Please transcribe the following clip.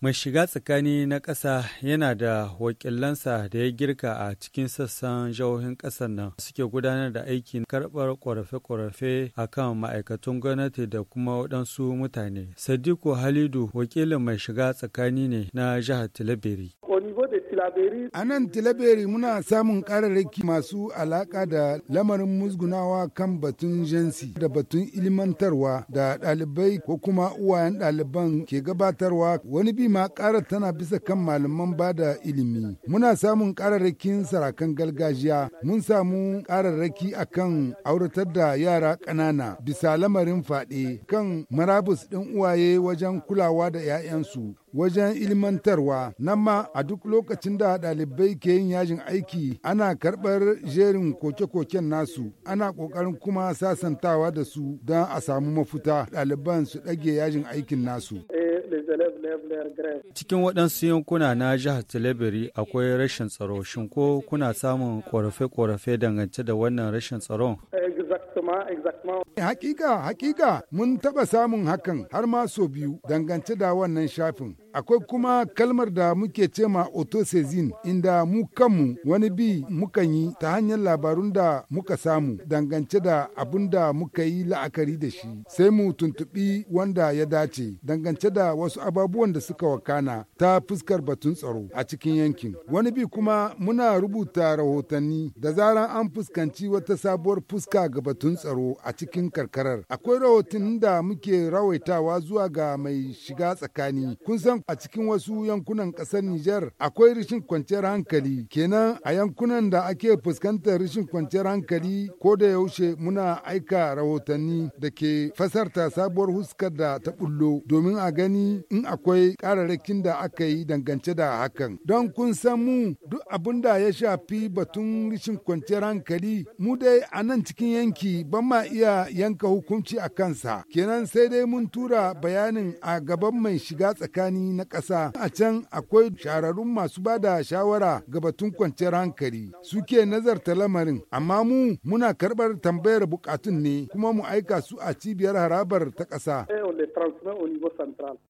Mai shiga tsakani na ƙasa yana da wakilansa da ya girka a cikin sassan jihohin ƙasar nan suke gudanar da aikin karɓar ƙorafe-ƙorafe a kan ma'aikatan gwamnati da kuma waɗansu mutane. Sadiku Halidu wakilin mai shiga tsakani ne na jihar Tilabiri. A nan tilaberi muna samun ƙararraki masu alaƙa da lamarin musgunawa kan batun jinsi da batun ilimantarwa da ɗalibai ko kuma uwayen ɗaliban ke gabatarwa wani bi ma ƙarar tana bisa kan malaman ba da ilimi. Muna samun ƙararrakin sarakan gargajiya mun samu ƙararraki akan auratar da yara ƙanana bisa lamarin faɗe kan marabus ɗin uwaye wajen kulawa da 'ya'yansu wajen ilmantarwa nan ma a duk lokacin da ɗalibai ke yin yajin aiki ana karɓar jerin koke-koken nasu ana ƙoƙarin kuma sasantawa da su don a samu mafuta ɗaliban su ɗage yajin aikin nasu. Cikin waɗansu yankuna na jihar Talabiri akwai rashin tsaro shin ko kuna samun ƙorafe-ƙorafe dangance da wannan rashin tsaron? Eh, hakika, hakika mun taba samun hakan har ma so biyu dangance da wannan shafin. Akwai kuma kalmar da muke cema autosezin inda mu kanmu wani bi mukan yi ta hanyar labarun da muka samu dangance da abun da muka yi la'akari da shi sai mu tuntuɓi wanda ya dace dangance da wasu ababuwan da suka wakana ta fuskar batun tsaro a cikin yankin. Wani bi kuma muna rubuta rahotanni da zaran an fuskanci wata sabuwar fuska ga batun tsaro a cikin karkarar. Akwai rahotannin da muke rawaitawa zuwa ga mai shiga tsakani. Kun san a cikin wasu yankunan ƙasar Nijar akwai rishin kwanciyar hankali. Kenan a yankunan da ake fuskantar rishin kwanciyar hankali ko da yaushe muna aika rahotanni da ke fasarta sabuwar huskar da ta bullo domin a gani in akwai ƙararrakin da aka yi dangance da hakan. Don kun san mu duk abin da ya shafi batun rishin kwanciyar hankali mu dai a nan cikin yanki ban ma iya yanka hukunci a kansa. Kenan sai dai mun tura bayanin a gaban mai shiga tsakani na ƙasa a can akwai shararrun masu ba da shawara ga batun kwanciyar hankali suke nazarta lamarin amma mu muna karɓar tambayar bukatun ne kuma mu aika su a cibiyar harabar ta ƙasa.